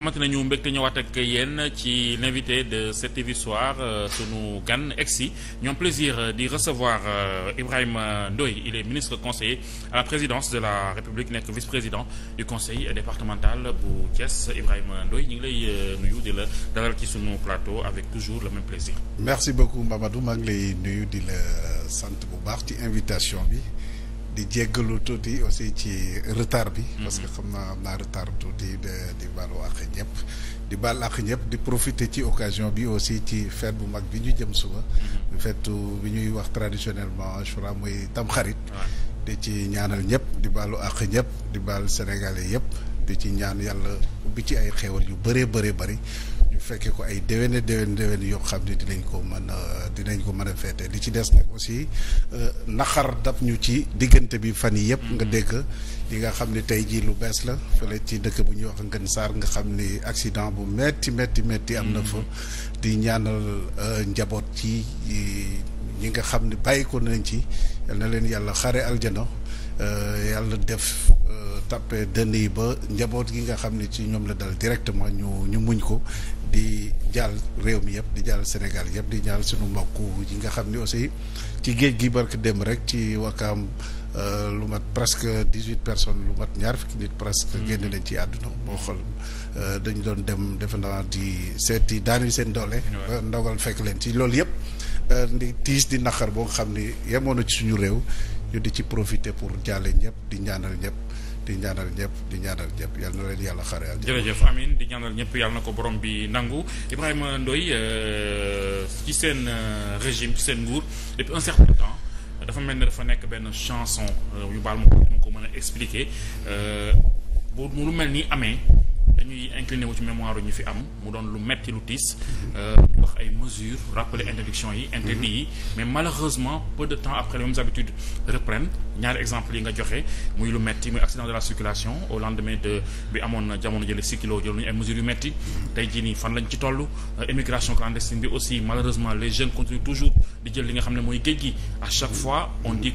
xamante nañu mbégte ñëwaat ak yéen ci l'invité de 7TV soir euh, sunu gan egsi ñoom plaisir euh, di recevoir euh, Ibrahima Ndoye il est ministre conseiller à la présidence de la République nekk vice-président du conseil départemental bu Thiès Ibrahima Ndoye ñu ngi lay nuyu di la dalal ci sunu plateau avec toujours le même plaisir merci beaucoup Mamadou maa ngi lay nuyu di la sant bu baax ci invitation bi di jéggalu tuuti aussi ci retard bi. Mm-hmm. parce xam naa am naa retard tuuti di baalu àq ñëpp. di baal àq ñëpp di profiter ci occasion bi aussi ci fête bu mag bi ñu jëm suba. Mm-hmm. fête bi ñuy wax traditionnellement Ashura muy Tamxarit. di ci ñaanal ñëpp di baalu àq ñëpp di baal sénégalais yëpp di ci ñaan yàlla ubbi ci ay xéewal yu bëree bëree bëri. fekkee ko ay déwéne déwén déwén yoo xam ne dinañ ko mën a dinañ ko mën a feete li ci des nag aussi euh, naxar dab ñu ci diggante bi fan yi yëpp nga dégg li nga xam ne tey jii lu bees la fële ci dëkk bu ñuy wax ngën saar nga xam ni accident bu metti metti metti am na fa mm. di ñaanal euh, njaboot ci ñi nga xam ne bàyyi ko nañ ci yal na leen yàlla xare aljana euh, yàlla def tàppe dënn yi ba njaboot gi nga xam ne ci ñoom la dal directement ñu ñu muñ ko di jàll réew mi yëpp di jàll Sénégal yëpp di jàll suñu mbokk yi nga xam ni aussi ci géej gi barke dem rek ci wakaam euh, lu mat presque dix huit personnes lu mat ñaar fukki nit presque mm-hmm. génn nañ ci àdduna boo xool euh, dañu doon dem defe naa di seeti daanu seen doole ndogal fekk leen ci loolu yëpp euh, di tiis di naqar boo nga xam ni yemoon na ci suñu réew ñu di ci profiter pour jàlle ñëpp di ñaanal ñëpp di ñaanal ñëpp di ñaanal ñëpp yal na leen yàlla xare yàlla. jërëjëf amin di ñaanal ñëpp yàlla na ko borom bi nangu a Ndoye euh, ci seen euh, régime ci seen nguur depuis un certain temps dafa mel ne dafa nekk benn chanson ñu euh, baal ma ko ma ko mën a expliquer bu lu mel ni amee. dañuy incliné wu ci mémoire ñu fi am mu doon lu metti lu tiis ñu mhm. euh, wax ay mesures rappeler interdiction yi interdit mhm. yi mais malheureusement peu de temps après les mêmes habitudes reprennent ñaari exemple yi nga joxe muy lu metti muy accident de la circulation au lendemain de bi amoon jamono jële si kilo jël ñu ay mesures yu metti mhm. tey jii nii fan lañ ci toll immigration euh, clandestine bi aussi malheureusement les jeunes continuent toujours di jël li nga on dit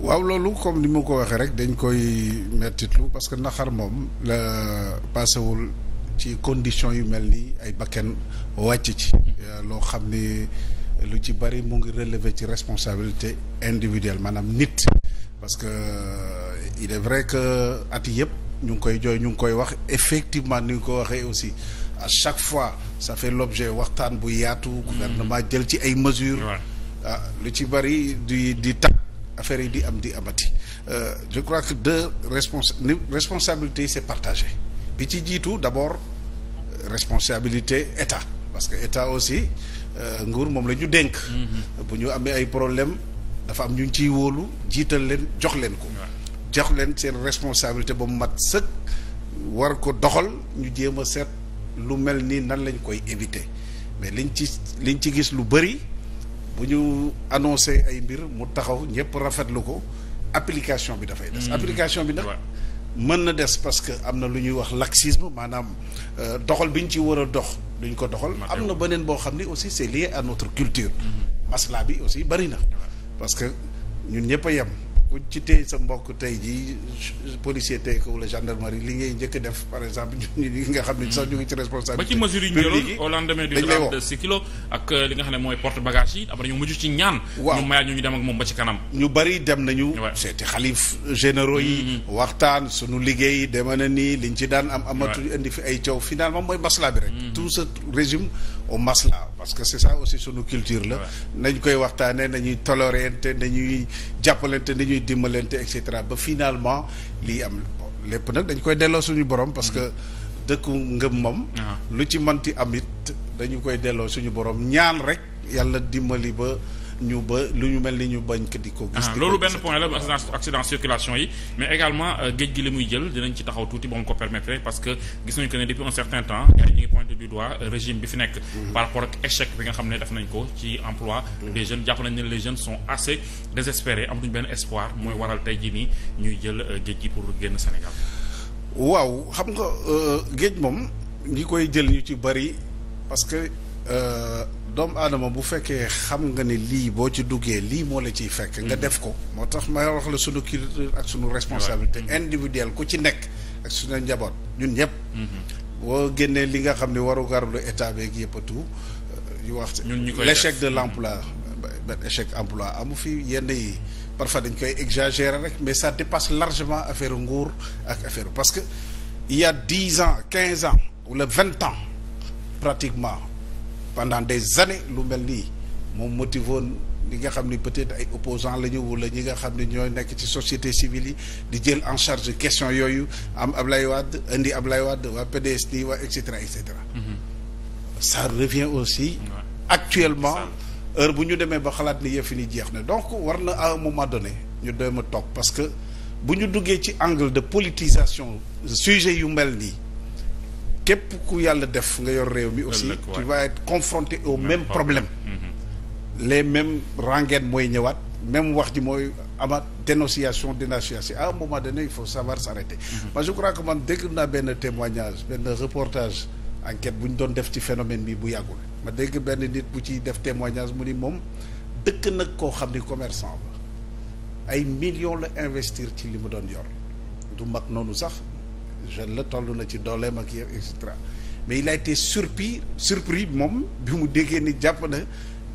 waaw loolu comme ni ma ko waxee rek dañ koy mettitlu parce que naxar moom la paasewul ci conditions yu mel nii ay bakken wàcc ci euh, loo xam ni lu ci bari mu ngi relever ci responsabilité individuelle maanaam nit parce que euh, il est vrai que at yëpp ñu ngi koy jooy ñu ngi koy wax effectivement ni nga ko waxee aussi à chaque fois ça fait l'objet waxtaan bu yaatu mm. gouvernement jël ci ay mesures ah, lu ci bari di di affaire yi di am di amati euh, je crois que deux respons responsabilités yi c'est partagé bi ci jiitu d'abord responsabilité état parce que état aussi euh, nguur moom la ñu dénk. Mm-hmm. bu ñu amee ay problème dafa am ñu ciy wóolu jiital leen jox leen ko. jox leen seen responsabilité ba mu mat sëkk war ko doxal ñu jéem a seet lu mel ni nan lañ koy éviter mais liñ ci liñ ci gis lu bëri. bu ñu annoncé ay mbir mu taxaw ñëpp rafetlu ko application bi dafay des. Hmm. application bi nag. mën na des parce que am na lu ñuy wax laxisme maanaam euh, doxal bi ñu ci war a dox duñ ko doxal. am na beneen boo xam ni aussi c'est lié à notre culture. Hmm. maslaa bi aussi bari na que ñun ñëpp a yem. buñ ci tey sa mbokk tey jii policier tey ko wala gendarmerie li ngay njëkk def par exemple ñu ñi nga xam ne sax ñu ngi ci responsabilité. ba ci mesure yi ñu euh, nga xam ne mooy porte bagage yi après ñu mujj ci ñaan. waaw ñu mayaat ñu ñu dem ak moom ba ci kanam. ñu bari dem nañu. seeti xalif généraux yi. Mm-hmm. waxtaan sunu liggéey dema na nii liñ ci daan am. amatu indi fi ay coow finalement mooy maslaa bi rek. Mm-hmm. tout sa régime. au masla parce que c'est ça aussi sunu culture la nañ koy waxtaane nañuy tolérante nañuy jàppalante nañuy dimbalante et cetera ba finalement lii am lépp nag dañ koy delloo suñu borom parce que dëkku ngëm moom ah. lu ci manti amit dañu koy delloo suñu borom ñaan rek yàlla dimbali ba ñu ba lu ñu mel ni ñu bañ ko di ko gis ah, loolu benn point la accident circulation yi mais également euh, géej gi li muy jël dinañ ci taxaw tuuti ba mu ko permettre parce que gis nañu que ne depuis un certain temps gars yi ñu ngi pointé du doigt euh, régime bi fi nekk mm-hmm. par rapport ak échec bi nga xam ne def nañ ko ci emploi mm-hmm. des jeunes jàpp nañ ne les jeunes sont assez désespérés amatuñ benn espoir mooy waral tey jii nii ñuy jël euh, géej gi pour génn Sénégal waaw xam nga géej moom ñi koy jël ñu ci bari parce que doomu aadama bu fekkee xam nga ni lii boo ci duggee lii moo la ciy fekk nga def ko moo tax ma wax la sunu culture ak sunu responsabilité individuelle ku ci nekk ak sunu njaboot ñun ñëpp mm-hmm. boo génnee li nga xam ne waru garulu état beeg yëpp tout euh, yu wax l'échec de l'emploi ben échec emploi amu fi yenn yi parfois dañ koy exagérer rek mais ça dépasse largement affaire nguur ak affaire parce que il y a dix ans quinze ans wala vingt ans pratiquement pendant des années lu mel nii moom motivoon li nga xam ni peut-être ay opposants la ñu wala ñi nga xam ne ñooy nekk ci société civile yi di jël en charge question yooyu am lay Wade indi Ablaye Wade waa PDS nii waa et cetera et cetera. Mm-hmm. ça revient aussi. actuellement heure bu ñu demee ba xalaat ni yëf ni jeex na donc war na à un moment donné ñu doy ma toog parce que bu ñu duggee ci angle de politisation sujet yu mel nii. képp ku yàlla def nga yor réew mi aussi tu vas être confronté au même, problème mm -hmm. les mêmes rengaines mooy ñëwaat même wax ji mooy amaat dénonciation dénonciation à un moment ne il faut savoir s'arrêter mais mm-hmm. je crois que man dégg naa benn témoignage benn reportage enquête bu ñu doon def ci phénomène bi bu yàggul ma dégg benn nit bu ci def témoignage mu ni moom dëkk nag koo xam ni commerçant la ay millions la investir ci li mu doon yor du mag noonu sax jeune la toll na ci dooleem ak et cetera mais il a été surpris moom bi mu déggee ni jàpp na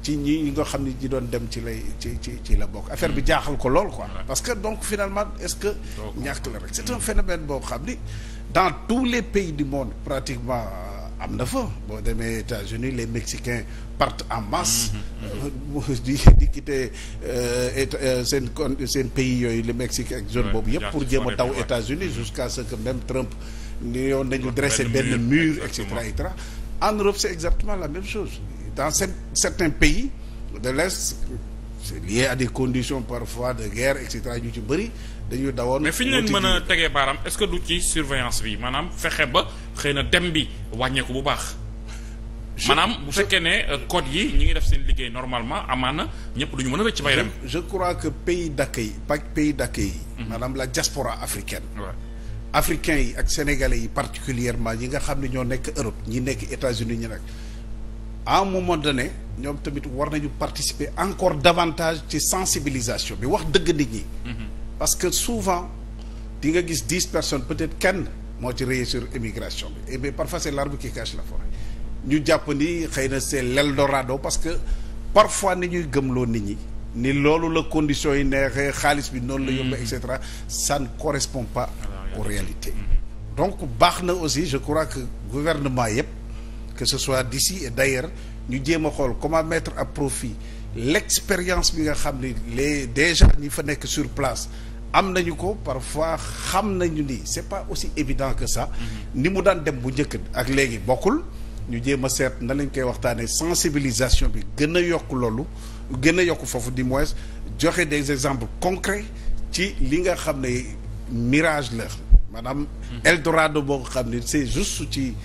ci ñi ñi nga xam ne ñi doon dem ci lay ci ci ci la bokk affaire bi mm. jaaxal ko lool quoi parce que donc finalement est-ce que ñàkk la rek c'est un phénomène boo xam ni dans tous les pays du monde pratiquement am na fa boo demee États-Unis les Mexicains partent en masse mhm, mhm. Euh, di di quitter euh, euh, seen seen pays yooyu le Mexique ak zone boobu yëpp pour jéem a daw États-Unis jusqu'à ce que même Trump ni yoon nañu dressé benn mur et cetera en Europe c'est exactement la même chose dans certains pays de l'Est c'est lié à des conditions parfois de guerre et cetera ñu ci bëri dañuy dawoon mais fi ñu leen mën a tegee baaraam est-ce que du ci surveillance bi maanaam fexe ba xëy na dem bi wàññeeku bu baax. maanaam bu fekkee ne euh, code yi ñi ngi def seen liggéey normalement amaana ñëpp du ñu mën a rëcc bay dem. je crois que pays d'accueil pas pays dakk yi. Mhm. maanaam la diaspora africaine. Ouais. africains yi ak sénégalais yi particulièrement yi nga xam ne ñoo nekk Europe ñi nekk États-Unis ñu nekk à un moment donné ñoom tamit war nañu participer encore davantage ci sensibilisation bi wax dëgg parce que souvent di nga gis dix personnes peut-être kenn moo ci réussir immigration bi et eh bien parfois c'est l'arbre qui cache la forêt ñu jàpp ni xëy na c'est l'Eldorado parce que parfois ni ñuy gëmloo nit ñi ni loolu la condition yi neexee xaalis bi noonu la yóbbee mm. et cetera ça ne correspond pas aux réalités mm-hmm. donc baax na aussi je crois que gouvernement yëpp que ce soit d'ici et d'ailleurs ñu jéem a xool comment mettre à profit l'expérience bi nga xam ni les déjà ñi fa nekk sur place am nañu ko parfois xam nañu ni c'est pas aussi évident que ça mm-hmm. ni mu daan dem bu njëkk ak léegi bokkul ñu jéem a seet na lañ koy waxtaanee sensibilisation bi gën a yokk loolu gën a yokk foofu di moins joxe des exemples concrets ci li nga xam ne mirage la maanaam mm-hmm. Eldorado boo xam ne c'est juste ci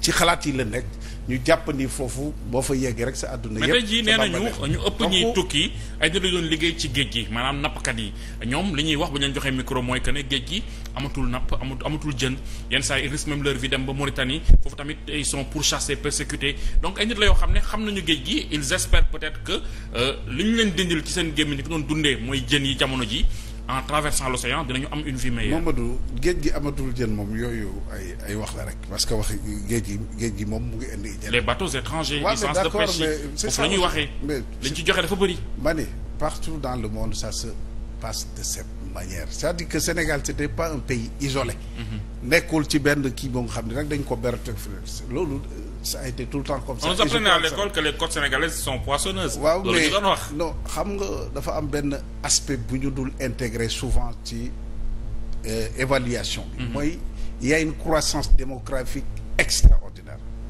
ci xalaat yi la nekk ñu jàppandi foofu boo fa yeggee rek sa àdduna yëpp. mais tey jii nee nañu ñu ëpp ñuy tukki ay nit la doon liggéey ci géej gi maanaam nappkat yi ñoom li ñuy wax bu ñu joxee micro mooy que géej gi amatul napp amatul jën yenn saa yi risque même leur vie dem ba Mauritanie foofu tamit son pour pourchassés persécutés donc ay nit la yoo xam ne xam nañu géej gi il espèrent peut-être que euh, li ñu leen dindil ci seen gémmiñ ki doon dundee mooy jën yi jamono ji en traversant l'océan dinañu am une vie meilleure. du géej gi amatul jën moom yooyu ay ay wax la rek parce que wax géej gi géej gi moom mu ngi indi jën. les bateaux étrangers. waaw mais d'accord mais c'est ça foofu la waxee. mais ci joxe dafa bëri. ma ne partout dans le monde ça se passe de cette manière sa à dire que Sénégal c'était pas un pays isolé. Mhm. nekkul ci benn kii boo nga xam ne rek dañ ko berate loolu. ça a tout le temps comme ça. on nous apprenait à l'école que les côtes sénégalaises sont poissonneuses. waaw mais non xam nga dafa am benn aspect bu ñu dul intégrer souvent ci euh, évaluation bi. Mhm. mooy y a une croissance démographique extraordinaire.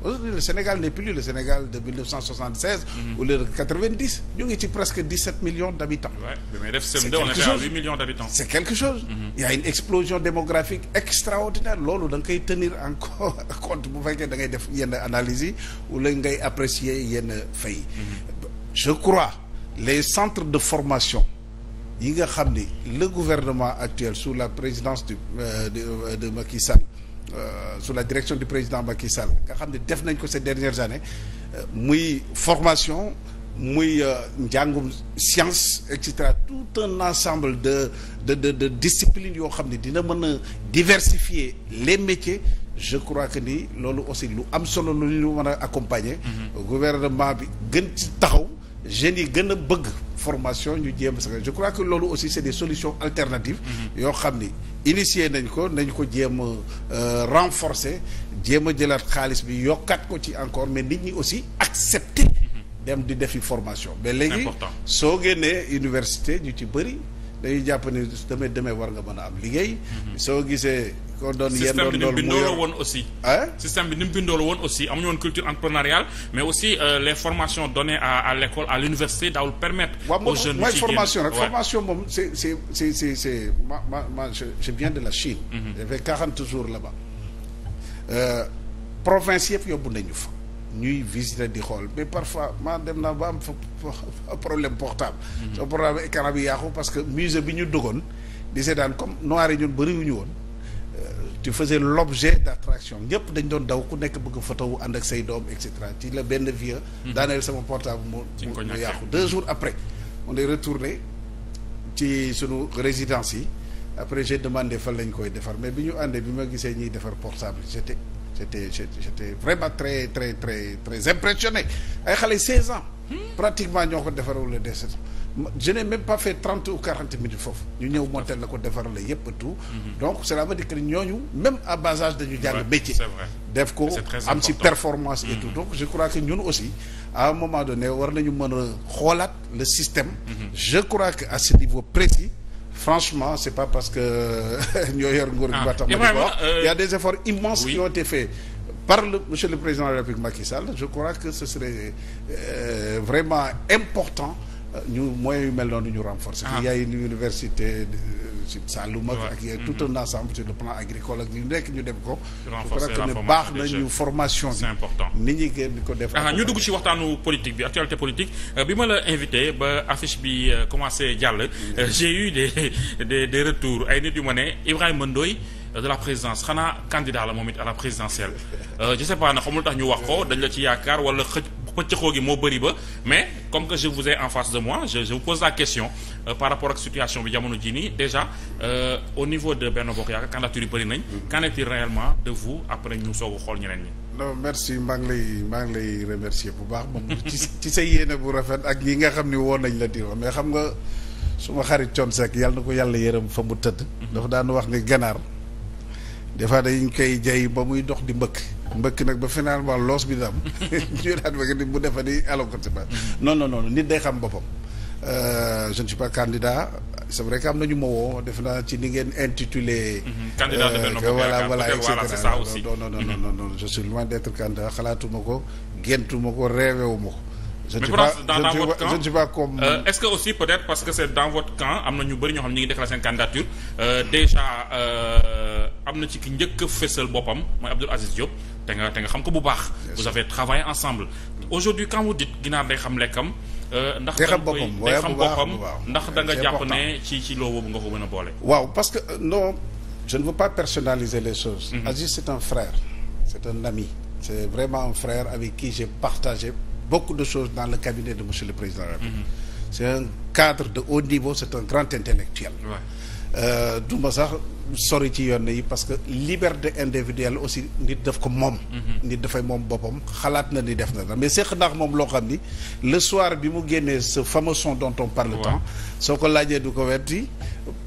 aujourd'hui le Sénégal n'est plus le Sénégal de 1976 mhm. ou le 90 ñu ngi ci presque 17 millions d'habitants c'est quelque chose mhm. il y a une explosion démographique extraordinaire loolu da nga koy tenir en compte bu fekkee da ngay def yenn analyses yi ou la ngay apprécier yenn fay mhm. je crois les centres de formation yi nga xam ni le gouvernement actuel sous la présidence du euh, euh, de Macky Sall Euh, sous la direction du président Macky Sall nga xam ne def nañ ko ces dernières années euh, muy formation muy euh, njàngum science et cetera tout un ensemble de de de de disciplines yoo xam ne dina mën a diversifier les métiers je crois que ni loolu aussi lu am solo lu ñu mën a accompagner. Mm-hmm. gouvernement bi gën ci taxaw jeunes yi gën a bëgg. formation ñu jéem sa je crois que loolu aussi c'est des solutions alternatives mhm. yoo xam ni initier nañ ko nañ ko jéem a euh, renforcer jéem a jëlaat xaalis bi yokkat ko ci encore mais nit ñi aussi accepter mhm. dem di defi formation mais léegi soo génnee université ñu ci bëri dañuy jàpp ni demee demee war nga mën a am liggéey. Mhm. soo gisee. ko doon yéen doon loolu woon aussi. système bi ni mu bindoo woon aussi amuñu woon culture entrepreneuriale mais aussi euh, les formation données à à l'école à l'université daawul permettre. aux jeunes mooy formation rek formation moom c'est c'est c'est c'est c'est ma ma ma je viens de la Chine. j'ai mhm. fait quarante jours là-bas euh, province yëpp yóbbu nañu fa. ñuy visiter di xool mais parfois maa dem naa ba am fa problème portable. Mhm. so problème écran bi yàqu parce que musée bi ñu duggoon di seetaan comme noir yi ñun bëriwuñu woon. Euh, tu faisais l'objet d'attraction ñëpp dañ doon daw ku nekk bëgg photo ànd ak say doom et cetera ci la benn vieux. Mhm. daaneel sama portable mu mu yàqu deux jours après. on est retourné ci sunu résidence yi après j'ai demandé fan lañ koy defar mais bi ñu àndee bi ma gisee ñuy defar portable j'étais j'étais j'étais vraiment très très très très impressionné ay xale 16 ans hmm? pratiquement ñoo ko defaral le des je n'ai même pas fait 30 ou 40 minutes foofu ñu ñëw monteel la ko defarale yépp tout hmm. donc cela veut dire que ñooñu même à dañu jàng métier def ko am si performance et hmm. tout donc je crois que ñun aussi à un moment donné war nañu mën a xoolaat le système je crois que à ce niveau précis franchement c'est pas parce que ñoo yor nguur gi ah, ba tax ma di ko wax euh, il y a des efforts immenses qui ont été faits par le monsieur le président de la République Macky je crois que ce serait euh, vraiment important euh, ñu moyens yu mel noonu ñu renforcer ah. il y a une université Saloum ak ak mm-hmm. tout un ensemble sur le plan agricole ak ñu nekk ñu dem ko baax nañu formation bi c'est important nit ñi gën ko def ah ñu dugg ci waxtaanu politique bi actualité politique euh, bi ma la invité ba affiche bi euh, commencé jàll euh, mm-hmm. j'ai de des des des retours ay nit yu ma ne Ibrahima Ndoye de la présidence xanaa candidat la moom it à la présidentielle je sais pas na xamul tax ñu wax ko dañ la ci yaakaar wala xëj pëccëxoo gi moo bëri ba mais comme que je vous ai en face de moi je je vous pose la question euh, par rapport ak situation bi jamono jii nii déjà euh, au niveau de benn Bokk Yaakaar candidature yi bëri nañ. qu'en est-il de vous après ñu soog a xool ñeneen ñi. non merci maa lay maa ngi lay remercier bu baax moom ci ci sa yéene bu rafet ak ñi nga xam ni woon nañ la di wax mais xam nga suma xarit Thione Seck na ko yàlla yërëm fa mu tëdd. Mhm. dafa daan wax ni ganaar. des fois dañ koy jay ba muy dox di mbëkk mbëkk nag ba finalement loos bi dam ñu daan bëgg di bu defa di alonkotiba non non noonu nit day xam boppam euh, je ne suis pas candidat c'est vrai am nañu ma woo def naa ci li ngeen intitulé mhm. candidat de euh, Benno voilà voilà et cetera non non non non non je suis loin d'être candidat xalaatuma ko géntuma ko réewewuma ko je ne suis pas je ne suis pas comme. Euh, est-ce que aussi peut-être parce que c'est dans votre camp am na ñu bëri ñoo xam ñu ngi déclaré seen candidature euh, déjà euh, am na ci ki njëkk a fésal boppam mooy Abdoul Aziz Diop te nga xam ko bu baax. vous avez travaillé ensemble. aujourd'hui quand vous dites ginaar day xam lekkam. ndax day xam boppam day xam boppam ndax da nga jàpp ne ci ci loo boobu nga ko mën a boole. waaw parce que non je ne veux pas personnaliser les choses. Mhm. Aziz c'est un frère. c'est un ami. c'est vraiment un frère avec qui j'ai beaucoup de choses dans le cabinet de monsieur le président de la République. Mhm. c'est un cadre de haut niveau c'est un grand intellectuel euh, duma sax sori ci yoon yi parce que liberté individuelle aussi nit daf ko moom mhm. nit dafay moom boppam xalaat na ni def na da mais seq ndax moom loo xam ni le soir bi mu génnee ce fameux dont on le tant soo ko laajee du ko wetti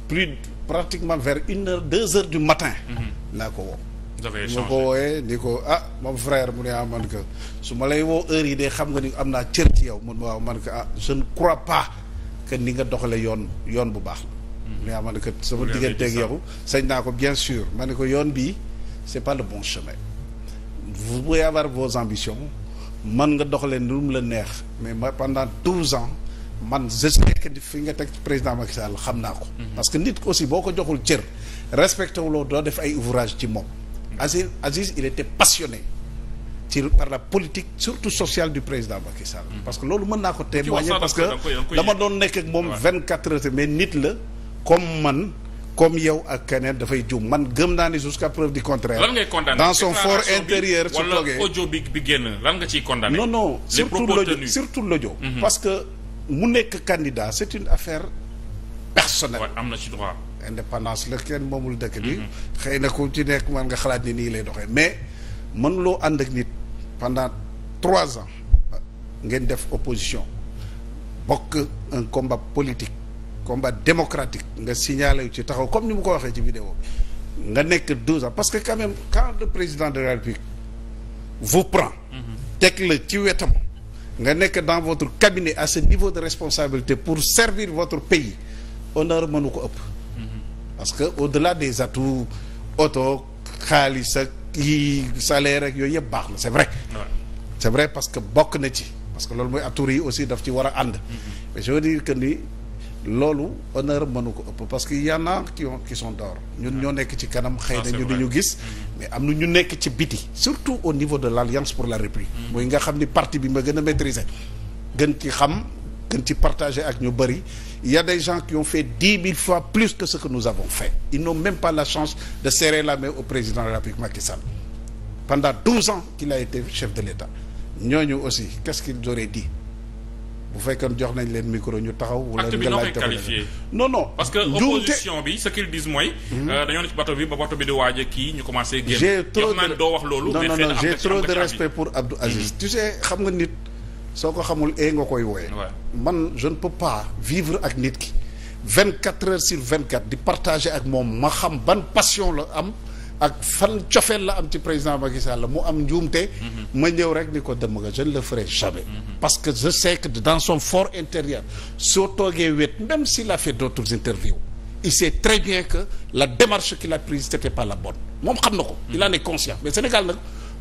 plus pratiquement vers une heure du matin mhm. laa ko woo ma ko wooyee ni ko ah moom frère mu ne ah man que su ma lay woo heure yi de xam nga ni am naa cër ci yow mun ma waaw ah, man que ah je ne crois pas que ni nga doxale yoon yoon bu baax la mhm. mu ne ah man que sama digganteeg yow sañ naa ko bien sûr ma ne ko yoon bii c'est pas le bon chemin vous pouvez avoir vos ambitions man nga doxalee nu mu la neex mais ma pendant douze ans man je sais que fi nga teg président Macky Sall xam naa ko mhm. parce que nit aussi boo ko joxul cër respecté wuloo doo def ay ouvrage ci moom Aziz Aziz il était passionné ci par la politique surtout sociale du président Macky Sall. Mm. parce que loolu mën naa ko témoigner parce que dama doon nekk ak moom vingt quatre heures mais nit la comme man comme yow ak keneen dafay juum man gëm naa ni jusqu'à preuve du contraire. lan ngay condamné dans son fort intérieur. su toogee wala audio bi bi génn lan nga ciy condamné. non non surtout l'audio mhm. parce que mu nekk candidat c'est une affaire personnelle. am na ci droit. indépendance la kenn moomul dëkk nii mhm. xëy na ku ci nekk man nga xalaat ni nii lay doxee mais mënuloo ànd ak nit pendant trois ans ngeen def opposition bokk un combat politique combat démocratique nga signalé ci taxaw comme ni mu ko waxee ci vidéo bi nga nekk deux ans parce que quand même quand président de la République vous prend. Mhm. teg la ci wetam. nga nekk dans votre cabinet à ce niveau de responsabilité pour servir votre pays honneur mënu ko ëpp. parce que au-delà des atouts oto xaalis ak yi salaire ak yooyu yëpp baax na c'est vrai c'est vrai parce que bokk na ci parce que loolu mooy atour yi aussi daf ci war a ànd mm-hmm. mais je veux que ni loolu honneur mënu ko ëpp parce que y en a qui ont ñun ñoo nekk ci kanam xëy na ah, ñu di ñu gis mm-hmm. mais am na ñu nekk ci biti surtout au niveau de l'Alliance pour la République mm-hmm. mooy nga xam ni parti bi ma gën a maîtriser gën ci xam gën ci partager ak ñu bëri Il y a des gens qui ont fait dix mille fois plus que ce que nous avons fait. Ils n'ont même pas la chance de serrer la main au président de la République Macky Sall. Pendant douze ans qu'il a été chef de l'État ñooñu aussi qu'est-ce qu'ils auraient dit bu fekkoon jox nañ leen micro ñu taxaw. wala nga laaj qualifié non non. parce que opposition bi ce qu'ils disent mooy. Hmm. Euh, dañoo ne bato bi ba bato bi di waaj kii ñu commencé. génn j'ai trop de loolu. mais j'ai trop respect pour Abdou hmm. Aziz. tu sais xam nga nit. soo ko xamul ee eh, nga koy wooye man je ne peux pas vivre ak nit ki vingt quatre heures sur vingt quatre di partager ak moom ma xam ban passion la am ak fan cofeel la am ci président Macky la mu am njuumte mhm. ma ñëw rek ni ko dem nga je ne le ferai jamais mhm. parce que je sais que dans son fort intérieur soo toogee wet même s'il a fait d'autres interviews il sait très bien que la démarche qu'il a prise c'était pas la bonne moom xam na ko il en est conscient mais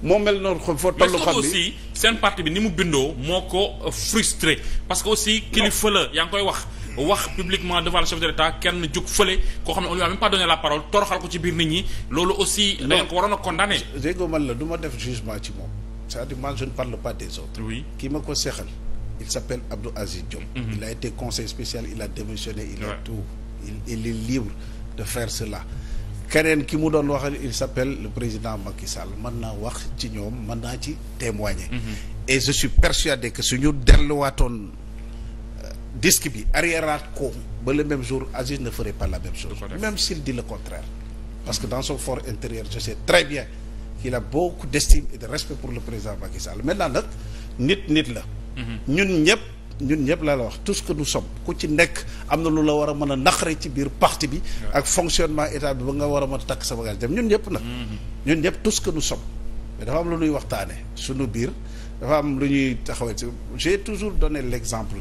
moo mel noonu xam foo tollu xam aussi seen parti bi ni mu bindoo moo ko euh, frustré parce que aussi kilifa la yaa ngi koy wax wax publiquement devant le chef de l'État kenn jug fële koo xam ne on lui a pas donné la parole toroxal ko ci biir nit ñi loolu aussi da ngeen ko waroon a condamné déggoo man la du ma def jugement ci moom cest à ne parle pas des autres oui ma ko seexal il s'appelle Abdou Aziz Diop mm-hmm. il a été conseil spécial il a démissionné il a tout il est libre de faire keneen ki mu doon waxal il s'appelle le président Macky Sall mën naa wax ci ñoom mën naa ci témoigner. Mhm. et je suis persuadé que suñu delluwaatoon euh, disque bi arriéraat ko ba le même jour Aziz ne ferait pas la même chose. même s'il dit le contraire. parce que dans son fort intérieur je sais très bien qu'il a beaucoup d'estime et de respect pour le président Macky Sall maintenant nag nit nit la. Mhm. ñun ñëpp. ñun ñëpp laa la wax tous que nous sommes ku ci nekk am na lu la war a mën a naqari ci biir parti bi ak fonctionnement état bi ba nga war a mën takk sa bagage dem ñun ñëpp nag mm-hmm. ñun ñëpp tout ce que nous sommes dafa am lu ñuy waxtaane suñu biir dafa am lu ñuy taxawee j'ai toujours donné l'exemple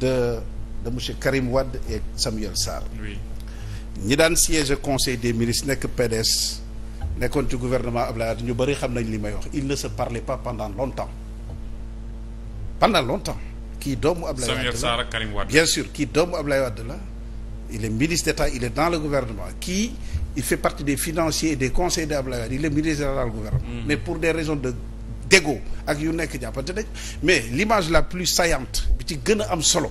de de monsieur Karim Wade et Samuel Sarr ñi daan siège conseil des ministres nekk PDS nekkoon ci gouvernement Abdoulaye ñu bëri xam nañ li may wax il ne se parlait pas pendant longtemps pendant longtemps kii doomu Ablaye Wade la Samuel Sarr ak Karim Wade bien sûr kii doomu Ablaye Wade la il est ministre d'État dans le gouvernement kii il fait partie des financiers et des conseils d'Ablaye Wade il est ministre d'État dans le gouvernement mm. mais pour des raisons de d'ego ak yu nekk jàppante nañ mais l'image la plus saillante bi ci gën a am solo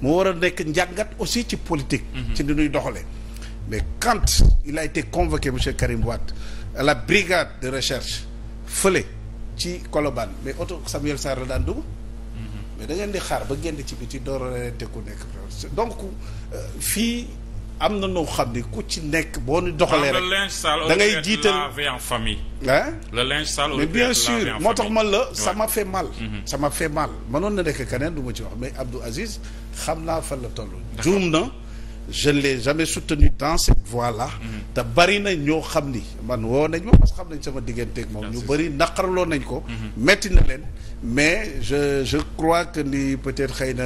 moo war a nekk njàngat aussi ci politique mm-hmm. ci ni ñuy doxalee mais quand il a de recherche fële ci mais da ngeen di xaar ba génn ci biti door a te ku nekk donc euh, fii am na noo xam ne ku ci nekk boo ñu doxalee rek da ngay jiital en famille. ah le linge sale mais bien sûr moo tax ma la sama m'a fait mal. Mhm. ça m'a fait mal mënoon na nekk keneen du ma ci wax mais Abdou Aziz xam naa fan la toll. juum na. je ne l'ai jamais soutenu dans cette voie mm. te bari na ñoo xam ni man woo nañ ma xam nañ sama digganteeg moom ñu bari naqarloo nañ ko. Mm-hmm. metti na leen mais je je crois que ni peut-être xëy na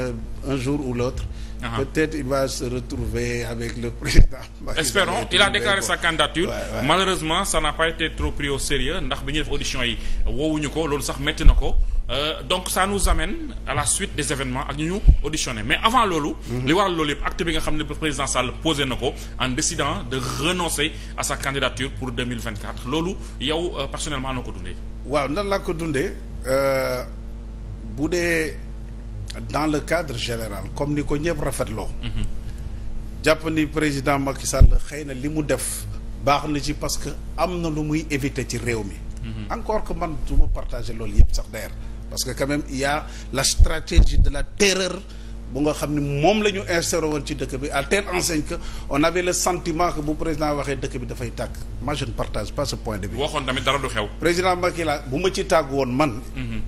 un jour ou l'autre uh-huh. peut-être il va se retrouver avec le président. espérons il a déclaré sa candidature. malheureusement ça n'a pas été trop pris au sérieux ndax bi ñuy def audition yi woowuñu ko loolu sax metti na ko. Euh, donc ça nous amène à la suite des événements ak ñu auditionné mais avant loolu. Mhm. li waral loolu yëpp acte nga xam ne président Sall posé na ko en décidant de renoncer à sa candidature pour 2024 loolu yow euh, personnellement noo ko dundee. waaw nan laa ko dundee euh, bu dee dans le cadre général comme ni ko ñëpp rafetloo. Mhm. jàpp ni président Macky Sall xëy na li mu def baax na ci parce que am na lu muy éviter ci réew mi. Mhm. encore que man du ma partager loolu yëpp sax d'ailleurs parce que quand même y la stratégie de la terreur bu nga xam ni moom la ñu instauré woon ci dëkk bi à telle enseigne que on avait sentiment que bu président waxee dëkk bi dafay tàkk moi je ne partage pas ce point de vue. waxoon tamit dara du xew. président Macky la bu ma ci tàgg woon man. Mhm.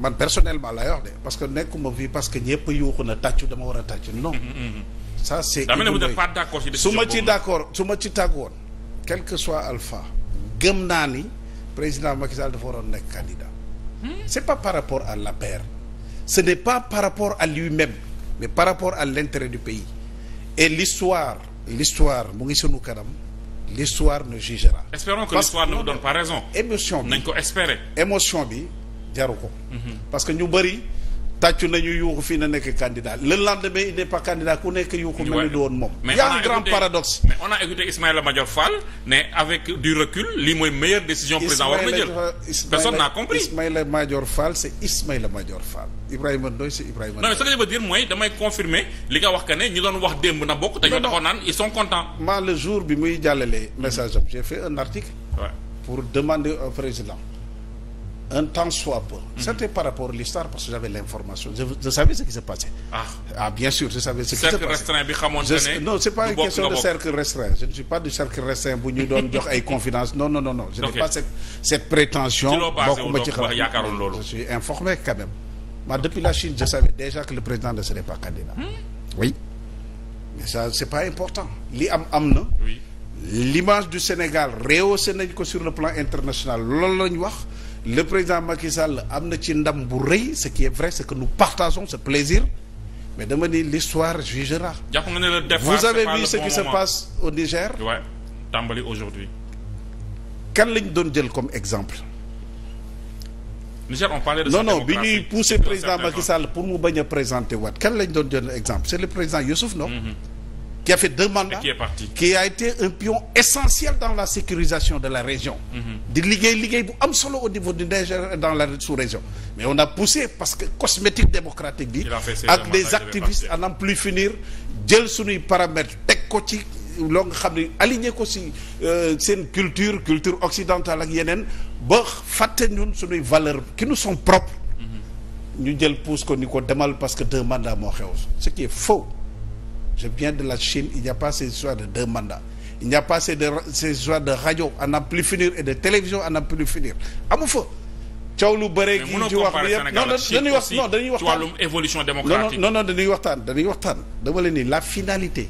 man personnellement laay wax de parce que nekkuma fii parce que ñëpp yuuxu na tàccu dama war a tàccu non. Mhm, mhm, ça c' est. su ma ci d' accord su ma ci tàgg woon. quel que soit alpha. gëm naa ni président Macky Sall dafa waroon nekk c'est pas par rapport à la paire ce n'est pas par rapport à lui-même mais par rapport à l'intérêt du pays et l'histoire l'histoire mu ngi sunu kanam l'histoire ne jugera espérons que l'histoire ne vous donne pas raison émotion bi nañ ko espérer émotion bi jaru ko mhm. parce que ñu bëri tàccu nañu yuuxu fii na nekk candidat le lendemain il n'est pas candidat ku nekk yuuxu mel ni du woon moom y a un grand paradoxe mais on a écouté Ismaïla Madior Fall ne avec du recul lii mooy meilleure décision président war na jël personne naa compris Ismaïla Madior Fall c'est Ismaïla Madior Fall Ibrahima Ndoye c'est Ibrahima non mais ce mooy damay confirmer li nga wax que ne ñi doon wax démb na bokk te ñoo taxoon naan ils sont contents maa le jour bi muy jàllale message am j'ai fait un article pour demander au président un temps soit peu. Mhm. C'était par rapport à l'histoire parce que j'avais l'information. Je, je, savais ce qui s'est passé. Ah. ah. bien sûr, je savais ce qui s'est passé. Non, c'est pas une question de cercle restreint. Je ne suis pas du cercle restreint bu ñu doon jox ay confidences. Non, Je okay. pas cette, prétention. bokkuma ci xam loolu. Mais depuis la Chine, je savais déjà que le président ne serait pas candidat. Hmm? Oui. c'est pas important. Li am am na. L'image du Sénégal rehaussé nañ ko le plan le président Macky Sall am na ci ndam bu rëy ce qui est vrai c'est que nous partageons ce plaisir mais dama ni l'histoire jugera vous avez vu ce qui se passe au Niger ouais tàmbali aujourd'hui kan lañ doon jël comme exemple Niger on parlait non non bi ñuy pousser président Macky pour mu bañ a présenter waat kan lañ doon jël exemple c'est le président Youssouf non mm-hmm. qui a fait deux mandats. Et qui est parti. qui a été un pion essentiel dans la sécurisation de la région. Mm-hmm. di liggéey liggéey bu am solo au niveau du Niger dans la sous-région. mais on a poussé parce que cosmétique démocratique bi. ak des activistes à n'en plus finir jël suñuy paramètres teg ko ci. loo nga xam ni aligné ko si euh, seen culture culture occidentale ak yeneen ba fàtte ñun suñuy valeur qui nous sont propres mm-hmm. ñu jël pousse ko ni ko demal parce que deux mandats moo xew ce qui est Je viens de la Chine, il n'y a pas ces histoires de deux Il n'y pas ces, de, radio à n'en plus finir et de télévision à n'en plus finir. amu fa caw lu bëree gi ci wax bi yëpp non dañuy wax non dañuy waxtaan ci wàllum évolution démocratique non non dañuy waxtaan dañuy waxtaan dama leen ni la finalité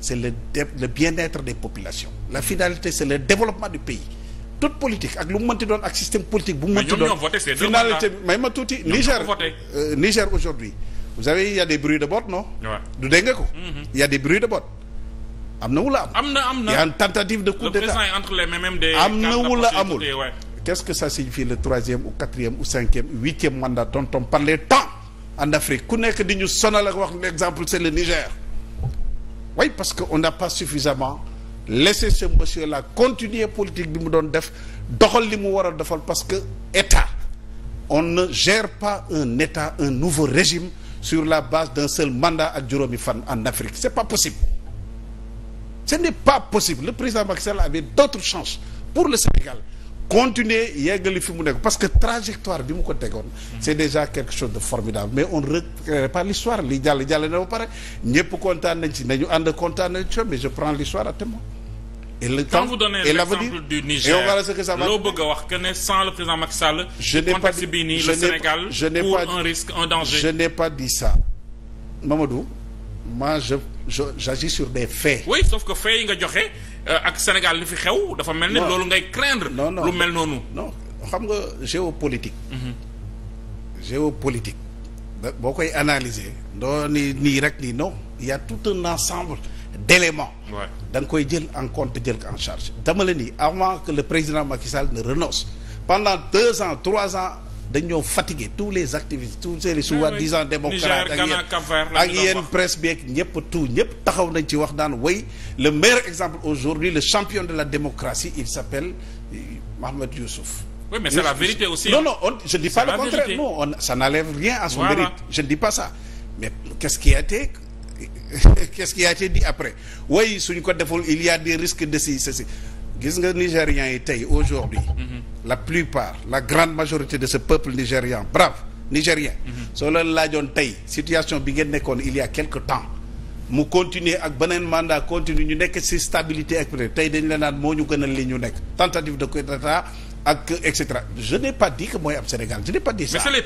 c'est le le bien-être des populations la finalité c'est le développement du pays toute politique ak lu mu mënti doon ak système politique bu mu mënti doon finalité may ma tuuti euh, Niger aujourd'hui vous savez il y de bottes no du dégg nga ko. Mhm. il y de bottes. am na wula am. am na am na y a une tentative de coup d'état le président est entre les mains même des. am na wula amul qu'est-ce que ça signifie le troisième ou quatrième ou cinquième huitième mandat dont on parlait tant en Afrique ku nekk di ñu sonal ak wax l'exemple c'est le Niger. way parce que on n'a pas suffisamment laissé ce monsieur là continuer politique bi mu doon def doxal li mu war a defal parce que état on ne gère pas un état un sur la base d'un seul mandat ak juróomi fan en Afrique c'est pas possible ce n'est pas possible le président Macky Sall avait d'autres chances pour le Sénégal continuer yeggali fi mu nekk parce que trajectoire bi mu ko tegoon c'est déjà quelque chose de formidable mais on ne recrée pas l'histoire li jàll jàll na ba pare ñëpp kontaan nañ ci nañu ànd kontaan nañ ci mais je prends l'histoire à témoin et le temps vous donnez l'exemple du Niger loo bëgg a wax que ne sans le président Macky Sall. je n'ai pas dit je n'ai pas dit ça Mamadou moi je j'agis sur des faits. oui sauf que faits yi nga joxe euh, ak Sénégal li fi xew. dafa mel ni loolu ngay craindre. lu mel noonu non xam nga géopolitique. Mhm. géopolitique. boo koy analyser. doo nii rek nii non. il y tout un ensemble. d'éléments da koy jël en compte jël ko en charge dama la ni avant que le président Macky Sall ne renonce pendant deux ans trois ans dañoo fatigué tous les activistes tous les soi-disant démocrates ak yéen ak yéen presse ñëpp taxaw nañ ci wax daan way le meilleur exemple aujourd'hui le champion de la démocratie il s'appelle Mahmoud euh, Youssouf aussi non non on, je ne dis pas le contraire non ça n'enlève rien à son mérite je ne dis pas ça mais qu'est-ce qui a été qu'est-ce qui a été dit après way ko deful il y a des risques de ci ceci gis nga nigérians yi tey aujourd'hui mm-hmm. la plupart la grande majorité de ce peuple nigérian brave nigérien mm-hmm. soo leen laajoon tey situation bi ngeen nekkoon il y quelque temps mu continuer ak beneen mandat continue ñu nekk ci stabilité ak peut-être tey dañ la naan moo ñu gënal li ñu nekk tentative de coup d'État ak et cetera je n'ai pas dit que mooy am Sénégal je n'ai pas dit ça mais c'est les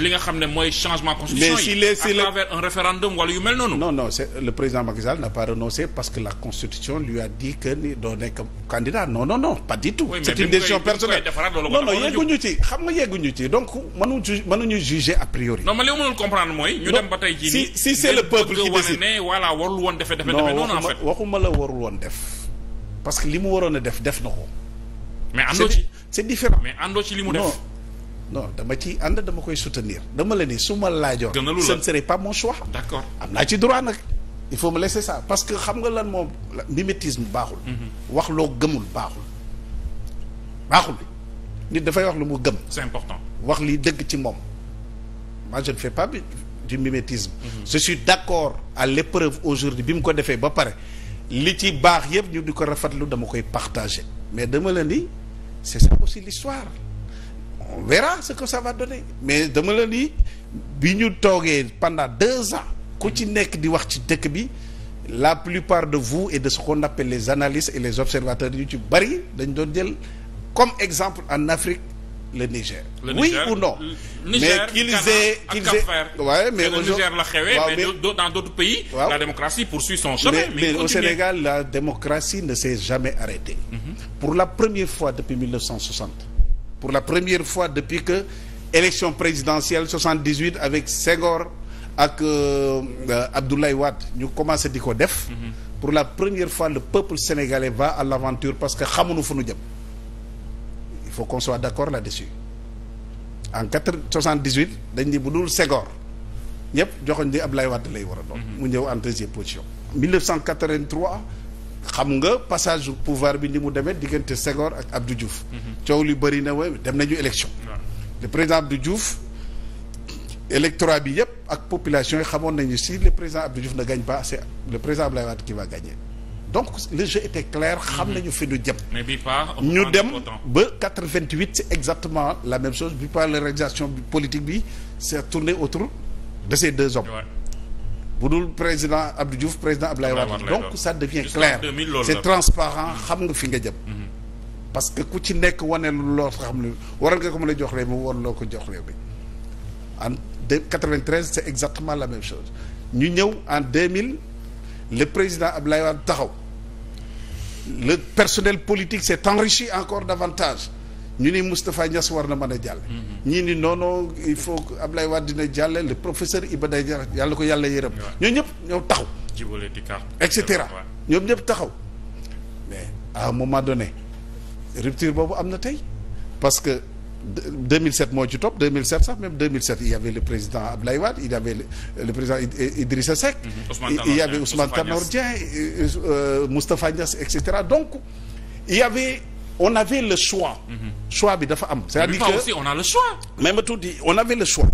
li nga xam ne mooy changement constitution yi. mais si à travers un référendum wala yu mel noonu. non non c'est le président Macky n'a pas renoncé parce que la constitution lui a dit que ni doo nekk candidat non non non pas du tout. Oui, c'est une non non yegguñu ci xam nga yegguñu ci donc mënuñu ju mënuñu juger a priori. non man li mënul comprendre mooy. ñu si si c'est le peuple qui décide ne warul woon defee defee def parce que li mu waroon a def def na ko. mais mais àndoo ci li mu def. non dama ci ànd dama koy soutenir dama la ni su ma laajoon. ce ne serait pas mon choix. d'accord am naa ci droit nag. il faut me laisser ça parce que xam nga lan moom mimétisme baaxul. Mhm. wax loo gëmul baaxul. baaxul nit dafay wax lu mu gëm. c'est important wax li dëgg ci moom. moi je ne fais pas du mimétisme. Mhm. je suis d'accord à l'épreuve aujourd'hui bi mu ko defee ba pare li ci baax yëpp ñu di ko rafetlu dama koy partager mais dama la ni c'est ça aussi l'histoire on verra ce que ça va donner mais dama la nii bi ñu toogee pendant deux ans ku ci nekk di wax ci dëkk bi la plupart de vous et de ce qu'on appelle les analystes et les observateurs yu ci bari dañ doon jël comme exemple en Afrique le Niger. Le oui Niger, ou non Niger, mais qu'ils aient qu'ils aient ouais, mais le Niger la xewee ouais, mais, mais dans d'autres pays la démocratie poursuit son chemin mais, mais, mais au Sénégal la démocratie ne s'est jamais arrêtée mm-hmm. pour la première fois depuis pour la première fois depuis que élection présidentielle 78 avec Senghor ak euh, euh, Abdoulaye Wade ñu commencé di ko def. Mhm. pour la première fois le peuple sénégalais va à l'aventure parce que xamuñu fu nu jëm il faut qu'on soit d'accord là-dessus en quatre soixante dañ ni bu dul Senghor ñëpp joxoñ di Abdoulaye Wade lay war a doon. Mhm. mu ñëw en deuxième position. 1983 xam nga passage du pouvoir bi ni mu demee diggante Senghor ak Abdou Diouf. Mhm. coow li bëri na waaye dem nañu élection. le président Abdou Diouf électorat bi yëpp ak population yi xamoon nañu si le président Abdou Diouf ne gagne pas c'est le président Abdoulaye Wade qui va gagner donc le jeu était clair xam mhm. nañu fi ñu jëm. pas ñu dem ba 88 c'est exactement la même chose bi pas la réalisation politique bi c'est tourné autour de ces deux hommes. Ouais. bu dul président Abdou Diouf président Abdoulaye Wade donc ça devient clair c'est transparent xam nga fi nga jëm mhm. parce que ku ci nekk wane loo xam ne waral nga ko mën a jox réew mi war loo ko jox réew mi en 93 c'est exactement la même chose ñu ñëw en 2000 le président Abdoulaye Wade taxaw le personnel politique s'est enrichi encore davantage ñu ni Moustapha Niass war na mën a jàll mm-hmm. ñii ni non non il faut que Ablaye dina jàlle le professeur Iba Day Diarra yàlla ko yàlla yërëm ñoo ñëpp ñoo taxaw et cetera ñoom ñëpp taxaw mais à un moment donné rupture boobu am na tey parce que 2007 moo ci topp 2007 sax même 2007 il y avait le président Ablaye Wade il y le, le président Idrissa Seck mm -hmm. il y avait Ousmane Tanor Dieng Moustapha donc il y on avait le choix. Mhm. choix bi dafa am. c'est-à-dire que aussi on a le choix. mais ma tuuti on avait le choix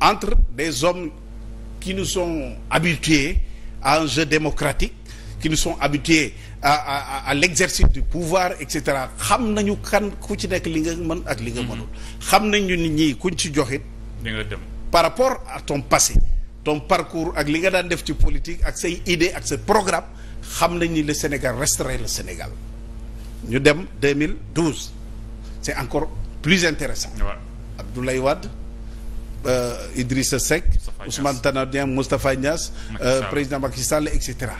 entre des hommes qui nous sont habitués à un jeu démocratique qui nous sont habitués à l'exercice du pouvoir et cetera xam nañu kan ku ci nekk li nga mën ak li nga mhm. mënul. xam ñu nit ñi kuñ ci joxit di dem par rapport à ton passé ton parcours ak li nga daan def ci politique ak say idée ak sa programme xam nañ ni le Sénégal resterait le Sénégal. ñu dem 2012 c'est encore plus intéressant ouais. Abdoulaye Wade euh, Idrissa Seck Ousmane Tanor Dieng Moustapha Niass euh, président Macky Sall et cetera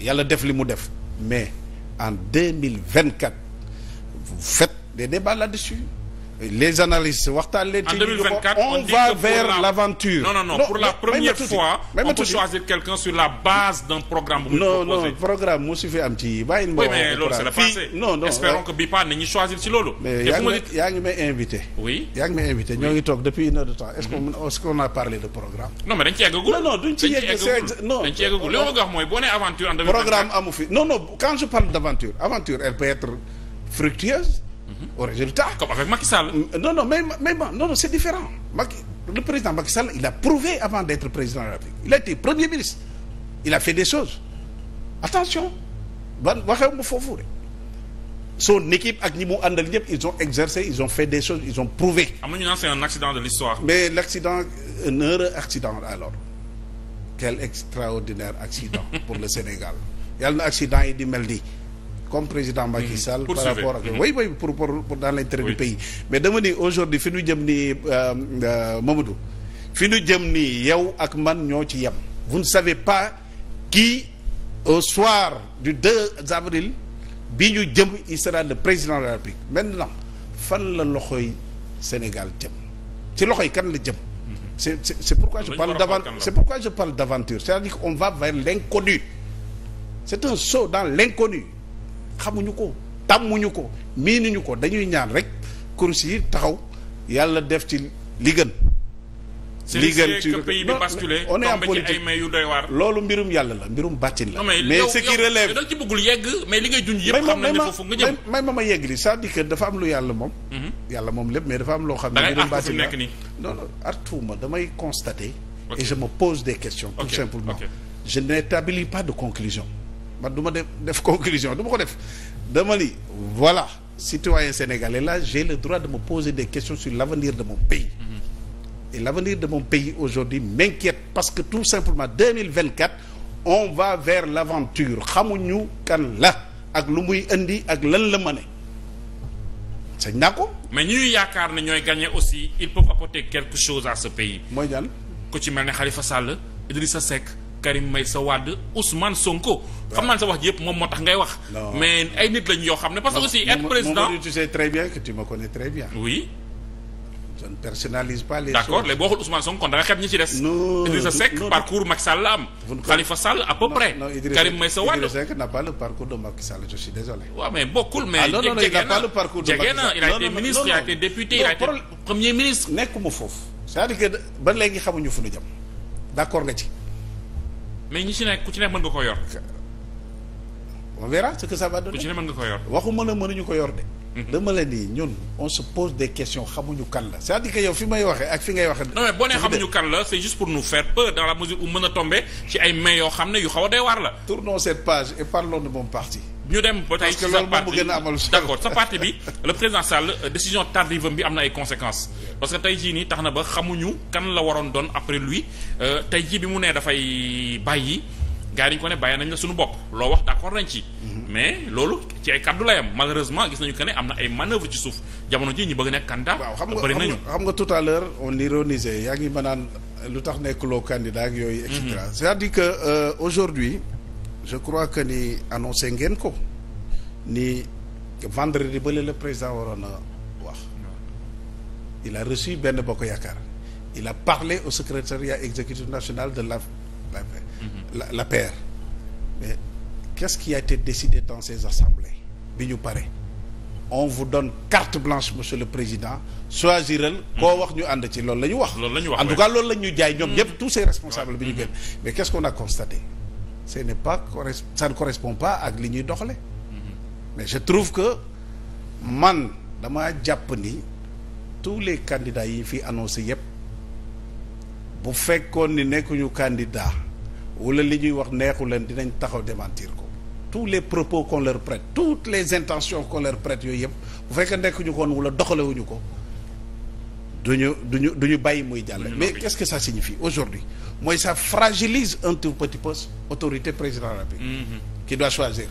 yàlla def li mu def mais en 2024 vous faites des débats là-dessus les analystes waxtaan le en 2024 on, on va vers la... l'aventure. non non non pour non, la première fois. on programme. bu fi am ci bàyyi. oui mais loolu non espérons que bii pas choisir ci loolu. mais yaa ngi yaa ngi may invité. oui yaa ngi may invité ñoo ngi toog depuis une heure de temps est-ce qu'on a parlé de programme. non mais dañ ci yeggagul. non non duñ ci ci yeggagul li mooy boo nee aventure. en 2024 programme amu fi non non quand je parle d'aventure aventure elle peut être fructueuse. au résultat. comme avec Macky euh, non non mais mais non non c'est différent Macky le président Macky Sall il a prouvé avant d'être président de la République il a été premier ministre il a fait des choses attention ban waxee mu foofu son équipe ak ñi mu àndal ñëpp ils ont exercé ils ont fait des choses ils ont prouvé. am na ñu naan c'est un accident de l'histoire mais l'accident un accident alors quel extraordinaire accident pour le Sénégal yàlla na accident yi di mel comme président Macky mhm. Sall. par rapport ak mhm. oui oui pour pour pour dans l'intérêt du pays. mais dama ni aujourd'hui fi ñu jëm ni euh, euh, Mamadou fi ñu jëm nii yow ak man ñoo ci yem. vous ne savez pas qui au soir du 2 avril bi ñu jëm il sera président de la République fan la loxoy Sénégal jëm ci loxoy kan la jëm. Mhm. c'est c'est c'est pourquoi je parle d'aventure c'est pourquoi à dire qu'on va vers l'inconnu c'est un saut dans l'inconnu xamuñu ko tàmmuñu ko miinuñu ko dañuy ñaan rek kurus yi taxaw yàlla def ci li gën. li gën bi basculé loolu mbirum yàlla la mbirum bàttin la. mais ce qui mais li ngay junj yëpp xam nañ ne ma ma yegg li cest à dafa am lu yàlla moom. Mhm. yàlla moom lépp mais dafa am loo xam ne mbirum bàttin la non non artuuma damay constater. et je ma pose de question tout simplement je n'établis pas de conclusion man duma def def conclusion du ma ko def dama li voilà citoyen sénégalais la j'ai le droit de me poser des questions sur l'avenir de mon pays mm-hmm. et l'avenir de mon pays aujourd'hui m'inquiète parce que tout simplement 2024 on va vers l'aventure xamuñu kan la ak lu muy indi ak lan la mën sañ naa ko. mais ñuy yaakaar na ñooy gagner aussi il peut apporter quelque chose à ce pays. mooy ñaan ko ci mel ne Khalifa Sall Idrissa Seck. Karim Meïssa Wade Ousmane Sonko. xam naa sa wax ji yëpp moom moo tax ngay wax. mais ay nit lañ yoo xam ne parce que aussi. être président tu sais très boo waxul Ousmane Sonko kon da nga ñi ci des. non Idrissa Seck parcours Macky Sall la am. Khalifa Sall à peu près. Karim Meïssa Wade Idrissa Seck a pas le parcours de Macky Sall je suis désolé. waaw mais bokkul mais. ah non a pas jege na il a été ministre il a été député premier ministre. nekkuma foofu c'est-à-dire que ba léegi xamuñu fu ñu jëm d'accord nga ci mais ñi ci nekk ku ci nekk mën nga koo yor. on verra ce que ça va donner. ku ci nekk mën nga ko yor. waxuma la mënuñu ko yor de. Mhm. dama la ñun on se pose des questions xamuñu kan la c'est-à-dire fi may waxee ak fi ngay waxee. non mais boo nee xamuñu kan la c'est juste pour nous faire peur dans la mesure où mën a tomber ci ay mains yoo xam ne yu xaw a doy waar la. tournons cette page et parlons de mon parti. ñu dem ba tey sa parti sa parti bi le président Sall euh, décision tardive bi am na ay conséquences parce que tey jii nii tax na ba xamuñu kan la waroon doon après lui euh, tey jii bi mu nee dafay bàyyi gars yi ñu ko ne bàyyi nañ la suñu bopp loo wax d'accord nañ ci mhm. mais loolu ci ay kaddu la malheureusement gis nañu que ne am na ay manœuvres ci suuf jamono ji ñu bëgg nekk candidat bëri nañu xam nga tout à l'heure on ironisait yaa ngi ma naan lu tax nekkuloo candidat ak yooyu etc mhm. c'est-à-dire euh, je crois que ni annoncé ngeen ko ni vendredi ba la président waroon a wax il a reçu Benno Bokk Yaakaar il a parlé au secrétariat exécutif national de la la la PR mais qu'est-ce qui a été décidé dans ces assemblées bi ñu pare on vous donne carte blanche monsieur le président choisiral koo wax ñu ànd ci loolu la ñu wax en tout cas jaay ñoom ñëpp mm. tous ces responsables bi ñu génn mm-hmm. mais qu'est-ce qu'on a constaté ce n'est pas ça ne correspond pas ak li ñuy doxale mais je trouve que man dama jàpp ni tous les candidats yi fi annoncé yëpp bu fekkoon ni nekkuñu candidat wala li ñuy wax neexu leen dinañ taxaw démentir ko tous les propos qu'on leur prête toutes les intentions qu'on leur yooyu yëpp bu fekkee nekkuñu koon wala doxalewuñu ko ñu ñu duñu ñu bàyyi muy jàll mais qu'est-ce que ça signifie aujourd'hui mooy ça fragilise un tout petit peu autorité président de la mm-hmm. qui doit choisir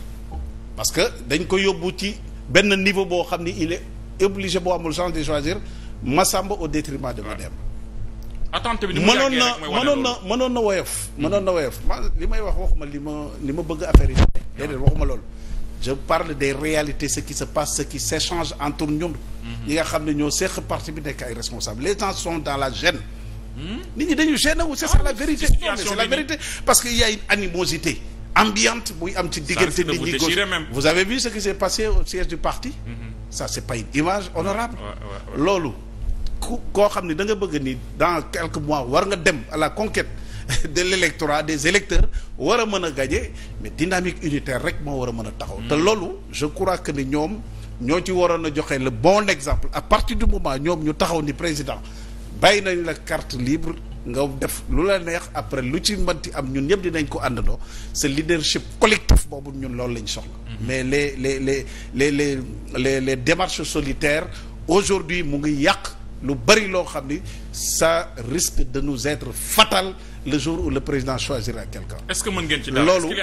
parce que dañ ko yóbbu ci benn niveau boo xam ni il est boo amul chance de choisir Massamba au détriment de Mademba mënoon na mënoon na mënoon na woyof mm-hmm. mënoon na woyof ma li may wax waxuma li ma li ma bëgg affaire yi déedéet waxuma loolu je parle des réalités ce qui se passe ce qui s'échange entre ñun. Mhm. ñi nga xam ne ñoo seq parti bi nekk ay responsables les gens sont dans la gêne. Hmm? nit ñi dañu gêne wu c'est ça ah, la vérité. c'est la vérité parce que y a une animosité ambiante buy am ci diggante nit ñi vous avez vu ce qui s'est passé au siège du parti. Mhm. ça c'est pas une image honorable loolu koo xam ne da nga bëgg ni dans quelques mois war nga dem à la conquête. de l'électorat des électeurs war a mën a gaje mais dynamique unitaire rek moo war a mën a taxaw te loolu je crois que ni ñoom ñoo ci waroon a joxe le bon exemple à partir du moment ñoom ñu taxaw ni président bàyyi nañu la carte libre nga def lu la neex après lu ci mënti am ñun ñëpp dinañ ko àndandoo ce leadership collectif boobu ñun loolu lañ soxla mhm. mais les les les les les les les démarches solitaires aujourd'hui mu ngi yàq lu bëri loo xam ni sa risque de nous être fatal le jour où le président choisira quelqu'un est-ce que mën ngeen ci daal est-ce qu'il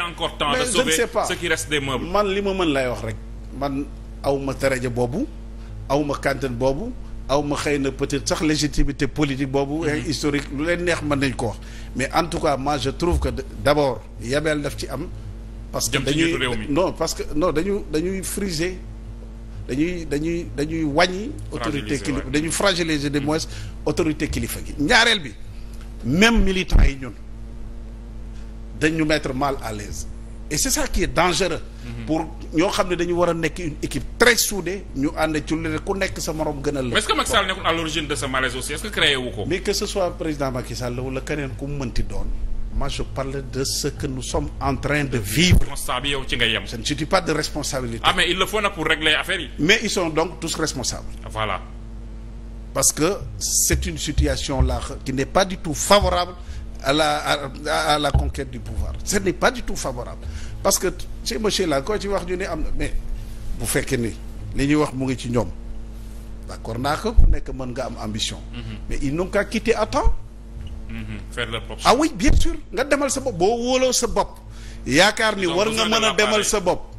y a man li ma mën lay wax rek man awma daraja boobu awma kàntan boobu awma xëy na peut-être sax légitimité politique boobu et mhm. historique lu leen neex man nañ ko wax mais en tout cas moi je trouve que d'abord yabeel daf ci am parce que dañuy non parce que non dañu dañuy friser dañuy dañuy dañuy wàññi autorité kilifa dañuy fragiliser des mm. moins autorité kilifa gi ñaareel bi même militants yi ñun dañu mettre mal à l'aise et c'est ça qui est dangereux mm-hmm. pour ñoo xam ne dañu war a nekk une équipe très soudée ñu ànd ci ku nekk sa morom gën a la est-ce que nekkul à l'origine de ce malaise aussi est-ce que ko mais que ce soit président Macky Sall wala keneen ku mu mënti doon moi je parle de ce que nous sommes en train de vivre. constat bi yow ci nga yem. je ne suis pas de responsabilité. ah mais il le régler affaire yi. mais ils sont donc tous responsables. parce que c'est une situation là qui n'est pas du tout favorable à la à, à la conquête du pouvoir ce n'est pas du tout favorable parce que ci monsieur là koo ci wax ñu ne am na mais bu fekkee ni li ñuy wax mu ngi ci ñoom d'accord na ko nekk mën nga am ambition. Mhm. mais ils n'ont qu'à quitter Mhm. faire leur propre ah oui bien sûr nga demal sa bopp boo wóoloo sa bopp yaakaar ni war nga mën a demal sa bopp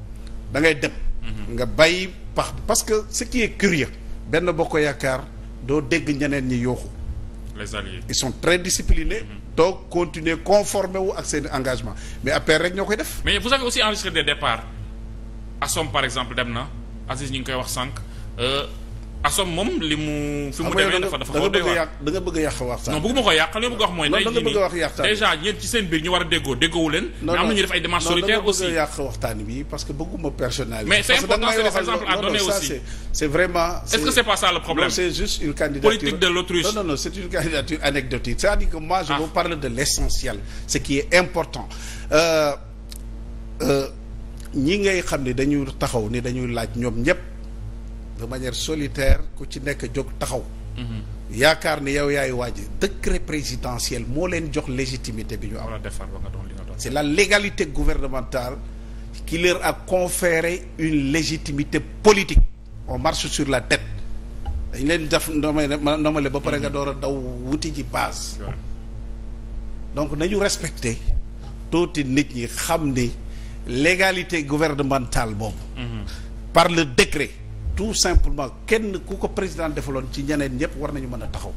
da ngay dem mhm. nga bàyyi pax parce que ce qui est curieux benn bokk yaakaar doo dégg ñeneen ñi yooxu les alliés ils sont très disciplinés donc mm continuer conformer wu ak seen engagement mais après rek ñoo koy def mais vous avez aussi enregistré des départs Assom par exemple dem na Aziz ñu ngi koy wax sànq euh, asom moom li mu fi mu demee dafa dafa xaw a doy waar nga bëgg a waxtaan bëgguma ko yàq li ma bëgg a wax mooy tey jii nii déjà ay démarches solitaires aussi non da nga bëgg a yàq waxtaan bi parce que bëgguma personnaliser mais que c'est pas ça que moi je ah. veux parler de l'essentiel ce qui est important euh, euh, ñi ngay xam ne dañuy taxaw ni dañu laaj ñoom ñëpp de manière solitaire ku ci nekk jóg taxaw. Mhm. yaakaar ni yow yaay waaj décret présidentiel moo leen jox légitimité bi ñu am. c'est la légalité gouvernementale qui leur a conféré une légitimité politique. on marche sur la tête. dañ leen def ndomale ndomale ba pare nga mhm. door a daw wuti ji base. donc nañu respecté tuuti nit ñi xam ni légalité gouvernementale boobu. Mhm. par le décret. tout simplement kenn ku ko président defaloon ci ñeneen ñëpp war nañu mën a taxaw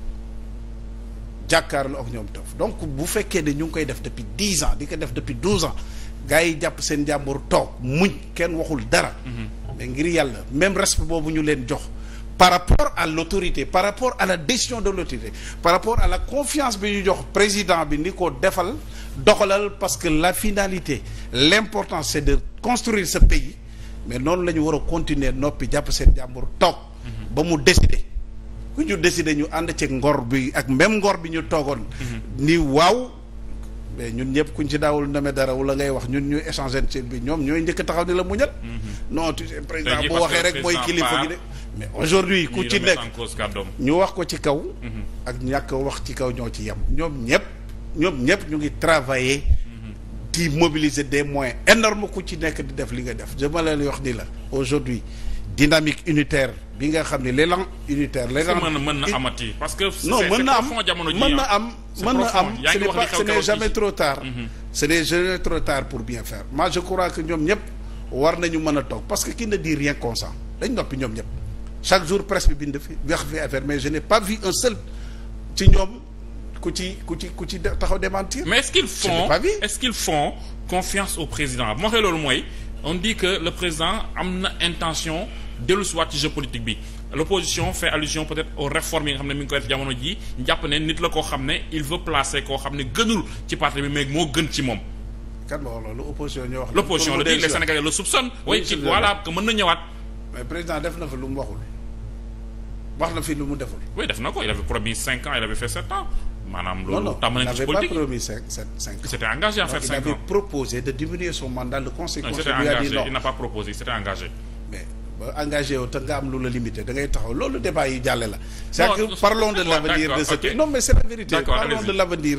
jàkkaarloo ak ñoom taf donc bu fekkee ne ñu ngi koy def depuis dix ans di ko def depuis douze ans gars yi jàpp seen jàmbur toog muñ kenn waxul dara. Mhm. mais ngir yàlla même respect boobu ñu leen jox. par rapport à l'autorité par rapport à la décision de l'autorité par rapport à la confiance bi ñu jox président bi ni ko defal doxalal parce que la finalité l'important c'est de construire ce pays. mais noonu la ñu war a continuer noppi jàpp seen jàmbur toog ba mu décider ku ñu décider ñu ànd ci ngor bi ak même ngor bi ñu toogoon ni waaw mais ñun ñëpp kuñ ci daawul name dara wala ngay wax ñun ñu échanger seen bi ñoom ñooy njëkk taxaw ni la muñal mhm. non tu sais président bu waxee rek mooy kilifa gi de mais aujourd'hui ku ci nekk ñu wax ko ci kaw mhm. ak ñàkk wax ci kaw ñoo ci yem ñoom ñëpp ñoom ñëpp ñu ngi travailler qui mobilise des moyens énormes ku ci nekk di def li nga def dama leen wax ni la aujourd'hui dynamique unitaire bi nga xam ne l'élan unitaire l'élan mën na amati parce na am mën na am mën na ah. am ce n'est pas ce n'est jamais trop tard mm-hmm. ce n'est jamais trop tard pour bien faire moi je crois que ñoom ñëpp war nañu mën a toog parce que qui ne dit rien consent dañ noppi ñoom ñëpp chaque jour presse bi bind fi wax fi affaire mais je n'ai pas vu un seul ci ñoom ku ci ku ci ku ci taxaw démentir. mais est-ce qu'ils font est-ce qu'ils font confiance au président moo xee loolu mooy on dit que le président am na intention dellu si waat ci jeu politique bi l'opposition fait allusion peut-être aux réformes yi nga xam ne mi ngi koy def jamono jii jàpp ne nit la ko xam ne il veut placer koo xam ne gënul ci parti bi mais moo gën ci moom. kat ma wax loolu opposition ñoo wax. l'opposition la di les Sénégalais le soupçonnent. oui ci voilà que mën na ñëwaat. na fa lu mu waxul. wax na fi lu mu deful. def na ko il avait promis cinq ans il avait maanaam loolu tàmm nañ ci politique non non engagé à faire cinq ans il avait proposé diminuer son mandat le conseil constitutionnel lui a n'a pas proposé il engagé. mais ba engagé yow te nga am lu la limité da ngay taxaw loolu débat yi jàlle la. cest que parlons de l'avenir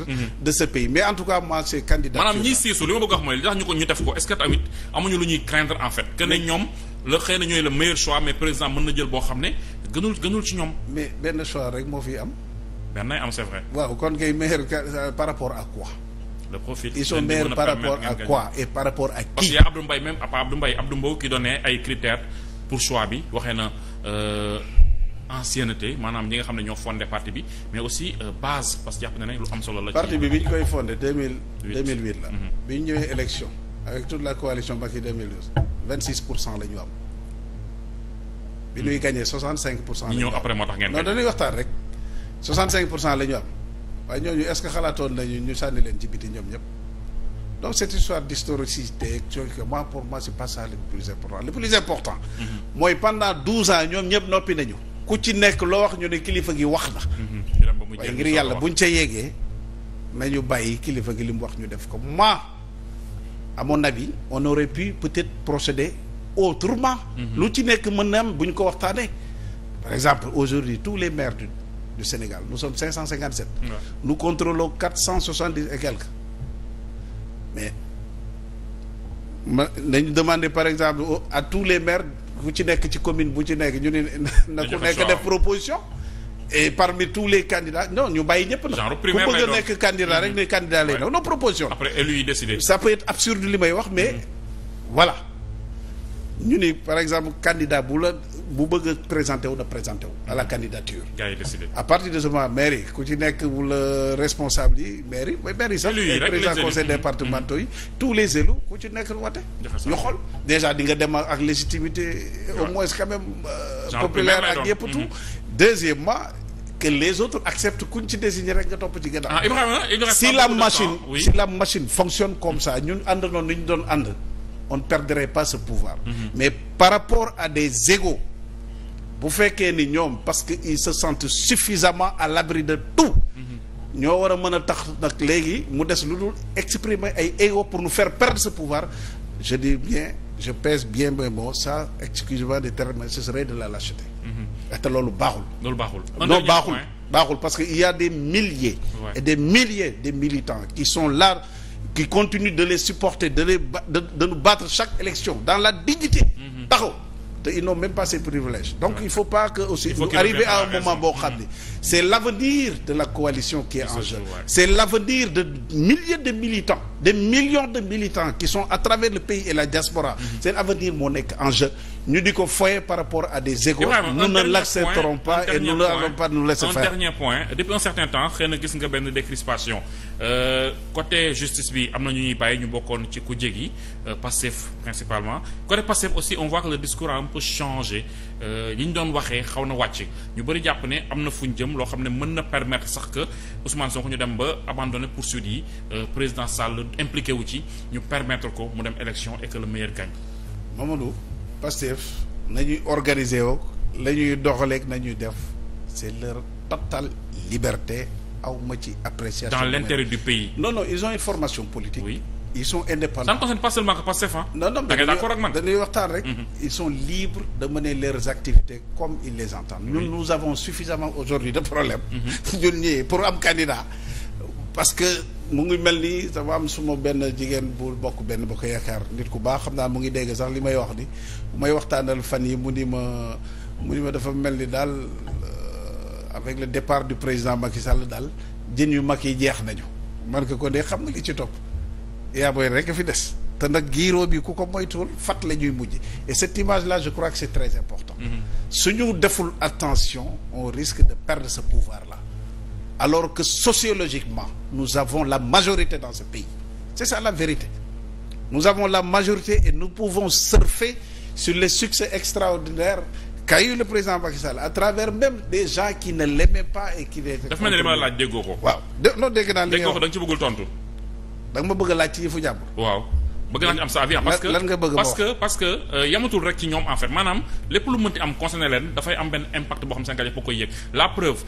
mm-hmm. de ce pays mais en tout cas moi c'est candidat. maanaam ñiy siisu li ma bëgg a wax mooy li tax ñu ko ñu def ko est-ce que tamit amuñu lu craindre en fait. que ñoom la xëy na ñooy le meilleur mais président mën na jël boo xam ne gënul ñoom. mais benn choix rek fi am benn nay am c'est vrai. waaw kon kay meilleur par rapport à quoi. le profil ils sont meilleurs par rapport à quoi et par rapport à qui. parce que yaa Abdou Mbaye même à part Abdou Mbaye Abdou Mbow ki donnait ay critères pour choix bi waxee na euh, ancienneté maanaam ñi nga xam ne ñoo fondé parti bi mais aussi euh, base parce que jàpp na ne lu am solo la. parti bi bi ñu koy fondé deux mille. deux mille huit la. Mhm. bi ñu ñëwee élection avec toute la coalition Macky deux mille huit vingt six pour cent la ñu am. bi ñuy gagné soixante cinq pour cent. la ñu am ñëw après moo tax ngeen. non dañuy waxtaan rek. 65 pour cent la ñu am waaye ñooñu est-ce que xalaatoon nañu ñu sànni leen ci biti ñoom ñëpp donc cette histoire d'historicité que moi pour moi c'est pas ça le plus important le plus important. Mm-hmm. mooy pendant 12 ans ñoom ñëpp noppi nañu. ku ci nekk loo wax ñu ne kilifa gi wax na. Mm-hmm. waaye ngir yàlla buñ ca yeggee nañu bàyyi kilifa gi li mu wax ñu def ko moi à mon avis on aurait pu peut-être procéder autrement. Mm-hmm. lu ci nekk mën na am buñ ko waxtaanee. par exemple aujourd'hui tous les maires du. du Sénégal nous sommes 557. Ouais. nous contrôlons 470 et quelques mais ma nañu demander par exemple à tous les maires bu ci nekk ci commune bu ci nekk ñu ne na ku nekk def proposition. et parmi tous les candidats non ñu bàyyi ñëpp na ku bëgg a nekk candidat rek mm-hmm. ne candidat lay doon non proposition. après peut absurde li may wax mais. Mm-hmm. voilà ñu ni par exemple candidat bu la. bu bëgg a présenté wu na présenté wu à la candidature. gars à partir de ce moment mairie ku ci nekk wala responsable yi mairie mais mairie sax. élus yi rek président conseil mm-hmm. départementaux yi tous les élus ku ci nekk wate ñu xool déjà di nga dem ak légitimité. au moins quand même. Euh, populaire ak yëpp tout. Mm-hmm. deuxièmement que les autres acceptent kuñ ci désigné rek nga topp ci gànnaaw. ah Ibrahima si la machine la machine fonctionne comme ça ñun ànd noonu ni ñu doon ànd on ne perdrait pas ce pouvoir. Mm-hmm. mais par rapport à des égos. bu fekkee ni ñoom parce que ils se sentent suffisamment à l'abri de tout ñoo war a mën a tax nag léegi mu des lu dul exprimer ay ego pour nous faire perdre ce pouvoir je dis bien je pèse bien mes mots ça excusez des termes de la lâcheté mm-hmm. te loolu baaxul loolu baaxul non baaxul baaxul parce que il y a des milliers ouais. et des milliers de militants qui sont là qui continuent de les supporter de les de, de nous battre chaque élection dans la dignité mm-hmm. taxaw te ils n'ont même pas ces privilèges donc ouais. il faut pas que aussi nous arriver à un moment boo xam ne mm. c'est l'avenir de la coalition qui est en jeu c'est l'avenir de milliers de militants des millions de militants qui sont à travers le pays et la diaspora mm-hmm. seen avenir moo nekk en jeu ñu di ko foye par rapport à des égos nous ne l'accepterons pas et nous ne dernier point depuis un certain temps xëy na gis nga benn décrispation euh, côté justice bi am na ñu ñuy bàyyi ñu bokkoon ci ku jégi euh, Pastef principalement côté Pastef aussi on voit que le discours a un peu changé euh, li ñu doon waxee xaw na wàcc ñu bëri jàpp ne am na fu ñu jëm loo xam ne mën na permettre sax que Ousmane Sonko ñu dem ba abandonner poursuite yi président Sall impliqué wu ci ñu permettre ko mu dem élection et que Pastef nañuy organiser woo la ñuy doxaleeg nañuy def c'est leur totale liberté aw ma ci appréciation. dans l'intérêt du pays. non non ils ont une formation politique. oui ils sont indépendants. ça ne concerne non non mais d'accord ak man dañuy mhm. comme ils les entendent. ñun oui. nous avons suffisamment aujourd'hui de problèmes. Mhm. ñun mm pour am candidat parce que. mu ngi mel ni dafa am suma benn jigéen bu bokk benn ba ko yaakaar nit ku baax xam naa mu ngi dégg sax li may wax ni may waxtaanal fan yi mu ni ma mu ni ma dafa mel ni daal euh, avec le départ du président Macky Sall daal jën yu mag yi jeex nañu man ko kon de xam nga li ci topp yaa booy rek fi des te nag giiroo bi ku ko moytuwul fat la ñuy mujj et cette image là je crois que c'est très important mm-hmm. ñu deful attention on risque de perdre sa pouvoir alors que sociologiquement nous avons la majorité dans ce pays c'est ça la vérité nous avons la majorité et nous pouvons surfer sur les succès extraordinaires qu'a eu le président Macky Sall à travers même des gens qui ne l'aimaient pas et qui daf mel ne li ma laaj déggoo ko waaw non dégg naa li wax déggoo ko tontu da ma bëgg a laaj ci yëfu jàmbur waaw bëgg naa ci am sa avis parce que lan nga bëgg parce que parce que euh, yamatul rek ci ñoom en maanaam lépp lu mënti am concerné leen dafay am benn impact boo xam seen kàddu koy yëg la preuve.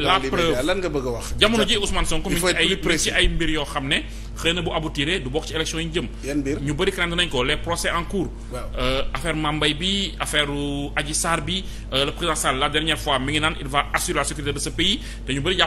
la preuve a wax. jamono ji Ousmane Sonko mi ci ay mbir yoo xam ne xëy na bu aboutiré du bokk ci élection yi jëm. ñu bëri craindre nañ ko les procès en cours. Euh, affaire Mambay bi affaire Adji Sarr bi euh, le président la dernière fois mi ngi naan il va assurer la sécurité de ce pays te ñu bëri